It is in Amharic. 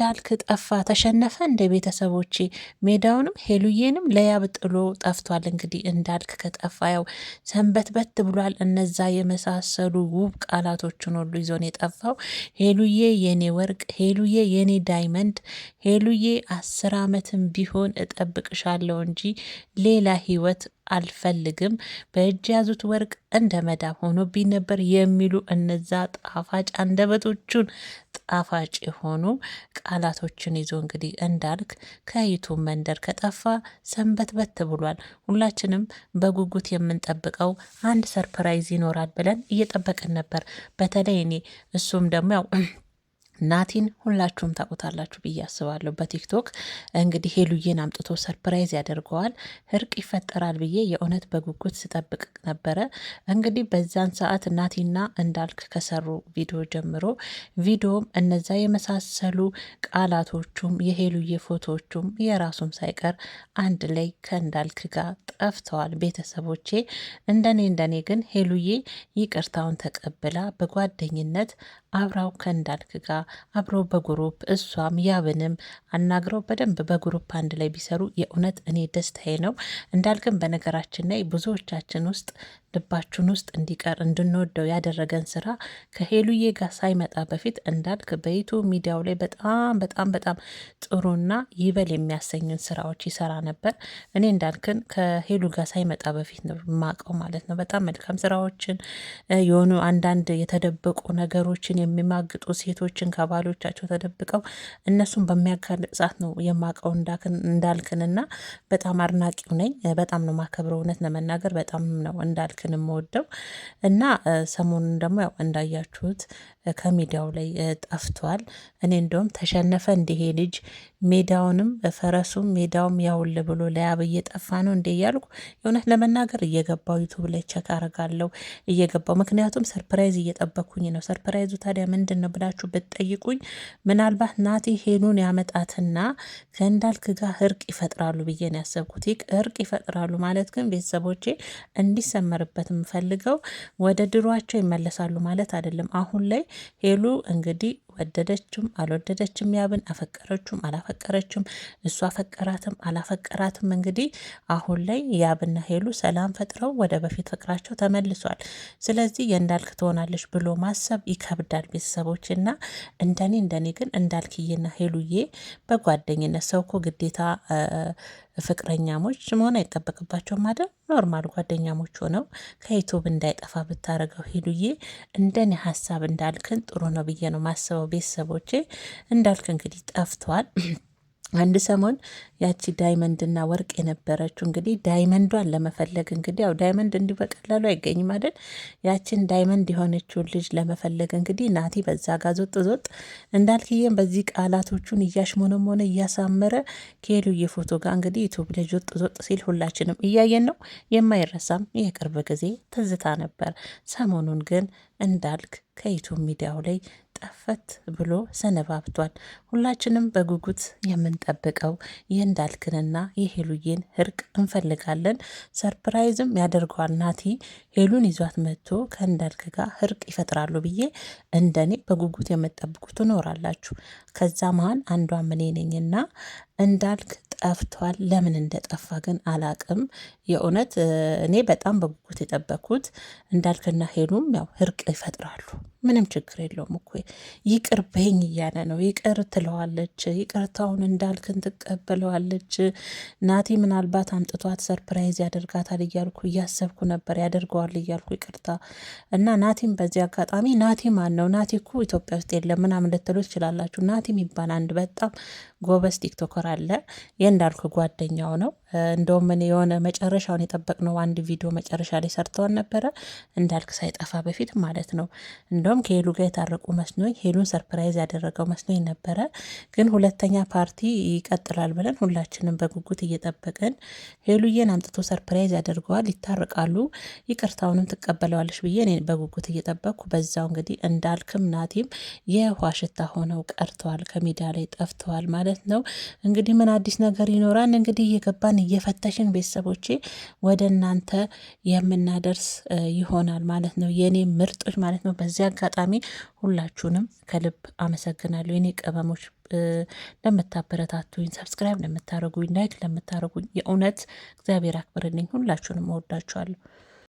እንዳልክ ጠፋ ተሸነፈ እንደ ቤተሰቦቼ ሜዳውንም ሄሉዬንም ለያብ ጥሎ ጠፍቷል። እንግዲህ እንዳልክ ከጠፋ ያው ሰንበትበት ብሏል። እነዛ የመሳሰሉ ውብ ቃላቶችን ሁሉ ይዞን የጠፋው ሄሉዬ የኔ ወርቅ፣ ሄሉዬ የኔ ዳይመንድ፣ ሄሉዬ አስር ዓመትም ቢሆን እጠብቅሻለሁ እንጂ ሌላ ህይወት አልፈልግም በእጅ ያዙት ወርቅ እንደ መዳብ ሆኖብኝ ነበር የሚሉ እነዛ ጣፋጭ አንደበቶቹን ጣፋጭ የሆኑ ቃላቶችን ይዞ እንግዲህ እንዳልክ ከዩቱብ መንደር ከጠፋ ሰንበት በት ብሏል። ሁላችንም በጉጉት የምንጠብቀው አንድ ሰርፕራይዝ ይኖራል ብለን እየጠበቅን ነበር። በተለይ እኔ እሱም ደግሞ ያው ናቲን ሁላችሁም ታውቁታላችሁ ብዬ አስባለሁ። በቲክቶክ እንግዲህ ሄሉዬን አምጥቶ ሰርፕራይዝ ያደርገዋል፣ እርቅ ይፈጠራል ብዬ የእውነት በጉጉት ስጠብቅ ነበረ። እንግዲህ በዛን ሰዓት ናቲና እንዳልክ ከሰሩ ቪዲዮ ጀምሮ ቪዲዮም እነዛ የመሳሰሉ ቃላቶቹም የሄሉዬ ፎቶዎቹም የራሱም ሳይቀር አንድ ላይ ከእንዳልክ ጋር ጠፍተዋል። ቤተሰቦቼ እንደኔ እንደኔ ግን ሄሉዬ ይቅርታውን ተቀብላ በጓደኝነት አብራው ከእንዳልክ ጋር አብሮ በጉሩፕ እሷም ያብንም አናግረው በደንብ በጉሩፕ አንድ ላይ ቢሰሩ የእውነት እኔ ደስታዬ ነው። እንዳልክም በነገራችን ላይ ብዙዎቻችን ውስጥ ልባችን ውስጥ እንዲቀር እንድንወደው ያደረገን ስራ ከሄሉዬ ጋር ሳይመጣ በፊት እንዳልክ በይቱ ሚዲያው ላይ በጣም በጣም በጣም ጥሩና ይበል የሚያሰኙን ስራዎች ይሰራ ነበር። እኔ እንዳልክን ከሄሉ ጋር ሳይመጣ በፊት ነው የማውቀው ማለት ነው። በጣም መልካም ስራዎችን የሆኑ አንዳንድ የተደበቁ ነገሮችን የሚማግጡ ሴቶችን ከባሎቻቸው ተደብቀው እነሱን በሚያጋልጥ ሰዓት ነው የማውቀው እንዳልክንና በጣም አድናቂው ነኝ። በጣም ነው ማከብረው እውነት ለመናገር በጣም ነው እንዳልክ መስክን የምወደው እና ሰሞኑን ደግሞ ያው እንዳያችሁት ከሜዳው ላይ ጠፍቷል። እኔ እንደውም ተሸነፈ እንዲሄ ልጅ ሜዳውንም ፈረሱም ሜዳውም ያውል ብሎ ለያብ እየጠፋ ነው እንዴ እያልኩ የእውነት ለመናገር እየገባው ዩቱብ ላይ ቸክ አረጋለው እየገባው ምክንያቱም ሰርፕራይዝ እየጠበኩኝ ነው። ሰርፕራይዙ ታዲያ ምንድን ነው ብላችሁ ብትጠይቁኝ ምናልባት ናቲ ሄኑን ያመጣትና ከእንዳልክ ጋር እርቅ ይፈጥራሉ ብዬ ነው ያሰብኩት። እርቅ ይፈጥራሉ ማለት ግን ቤተሰቦቼ እንዲሰመር ማስገባት የምፈልገው ወደ ድሯቸው ይመለሳሉ ማለት አይደለም። አሁን ላይ ሄሉ እንግዲህ ወደደችም አልወደደችም፣ ያብን አፈቀረችም አላፈቀረችም፣ እሱ አፈቀራትም አላፈቀራትም፣ እንግዲህ አሁን ላይ ያብና ሄሉ ሰላም ፈጥረው ወደ በፊት ፍቅራቸው ተመልሷል። ስለዚህ የእንዳልክ ትሆናለች ብሎ ማሰብ ይከብዳል ቤተሰቦች እና እንደኔ እንደኔ ግን እንዳልክዬና ሄሉዬ በጓደኝነት ሰው እኮ ግዴታ ፍቅረኛሞች መሆን አይጠበቅባቸውም አይደል? ኖርማል ጓደኛሞች ሆነው ከዩቱብ እንዳይጠፋ ብታደርገው ሄሉዬ፣ እንደኔ ሀሳብ እንዳልክን ጥሩ ነው ብዬ ነው ማስበው። ቤተሰቦቼ እንዳልክ እንግዲህ ጠፍቷል። አንድ ሰሞን ያቺ ዳይመንድ እና ወርቅ የነበረችው እንግዲህ ዳይመንዷን ለመፈለግ እንግዲህ ያው ዳይመንድ እንዲሁ በቀላሉ አይገኝም አይደል? ያችን ዳይመንድ የሆነችውን ልጅ ለመፈለግ እንግዲህ ናቲ በዛ ጋ ዞጥ ዞጥ እንዳልክዬም በዚህ ቃላቶቹን እያሽሞነም ሆነ እያሳመረ ከሄሉዬ ፎቶ ጋር እንግዲህ ዩቱብ ልጅ ዞጥ ዞጥ ሲል ሁላችንም እያየን ነው። የማይረሳም የቅርብ ጊዜ ትዝታ ነበር። ሰሞኑን ግን እንዳልክ ከዩቱብ ሚዲያው ላይ ጠፈት ብሎ ሰነባብቷል። ሁላችንም በጉጉት የምንጠብቀው የእንዳልክንና የሄሉዬን እርቅ እንፈልጋለን። ሰርፕራይዝም ያደርገዋል ናቲ። ሄሉን ይዟት መጥቶ ከእንዳልክ ጋር እርቅ ይፈጥራሉ ብዬ እንደኔ በጉጉት የምጠብቁ ትኖራላችሁ። ከዛ መሀል አንዷ እኔ ነኝና እንዳልክ ጠፍቷል። ለምን እንደጠፋ ግን አላቅም። የእውነት እኔ በጣም በጉጉት የጠበኩት እንዳልክና ሄሉም ያው እርቅ ይፈጥራሉ። ምንም ችግር የለውም እኮ ይቅር በኝ እያለ ነው። ይቅር ትለዋለች፣ ይቅርታውን እንዳልክን ትቀበለዋለች። ናቲ ምናልባት አምጥቷት ሰርፕራይዝ ያደርጋታል እያልኩ እያሰብኩ ነበር፣ ያደርገዋል እያልኩ ይቅርታ እና ናቲም በዚህ አጋጣሚ ናቲ ማን ነው ናቲ እኮ ኢትዮጵያ ውስጥ የለም ምናምን ልትሉ ትችላላችሁ። ናቲ የሚባል አንድ በጣም ጎበዝ ቲክቶከር አለ የእንዳልክ ጓደኛው ነው። እንደውም እኔ የሆነ መጨረሻውን የጠበቅነው አንድ ቪዲዮ መጨረሻ ላይ ሰርተውን ነበረ እንዳልክ ሳይጠፋ በፊት ማለት ነው። እንደውም ከሄሉ ጋር የታረቁ መስኖኝ ሄሉን ሰርፕራይዝ ያደረገው መስኖኝ ነበረ። ግን ሁለተኛ ፓርቲ ይቀጥላል ብለን ሁላችንም በጉጉት እየጠበቅን ሄሉዬን አምጥቶ ሰርፕራይዝ ያደርገዋል፣ ይታረቃሉ፣ ይቅርታውንም ትቀበለዋለች ብዬ እኔ በጉጉት እየጠበቅኩ በዛው እንግዲህ እንዳልክም ናቲም የውሃ ሽታ ሆነው ቀርተዋል፣ ከሜዳ ላይ ጠፍተዋል ማለት ነው። እንግዲህ ምን አዲስ ነገር ይኖራል እንግዲህ እየገባን እየፈተሽን ቤተሰቦቼ ወደ እናንተ የምናደርስ ይሆናል ማለት ነው። የእኔ ምርጦች ማለት ነው። በዚህ አጋጣሚ ሁላችሁንም ከልብ አመሰግናለሁ። የኔ ቅመሞች ለምታበረታቱኝ፣ ሰብስክራይብ ለምታደረጉኝ፣ ላይክ ለምታደረጉኝ የእውነት እግዚአብሔር አክብርልኝ። ሁላችሁንም እወዳችኋለሁ።